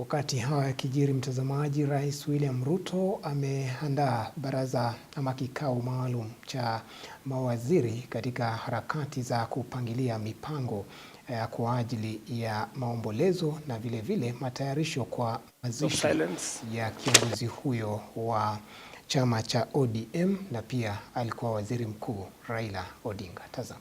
Wakati hawa yakijiri, mtazamaji, Rais William Ruto ameandaa baraza ama kikao maalum cha mawaziri katika harakati za kupangilia mipango ya eh, kwa ajili ya maombolezo na vile vile matayarisho kwa mazishi ya kiongozi huyo wa chama cha ODM na pia alikuwa waziri mkuu Raila Odinga. Tazama.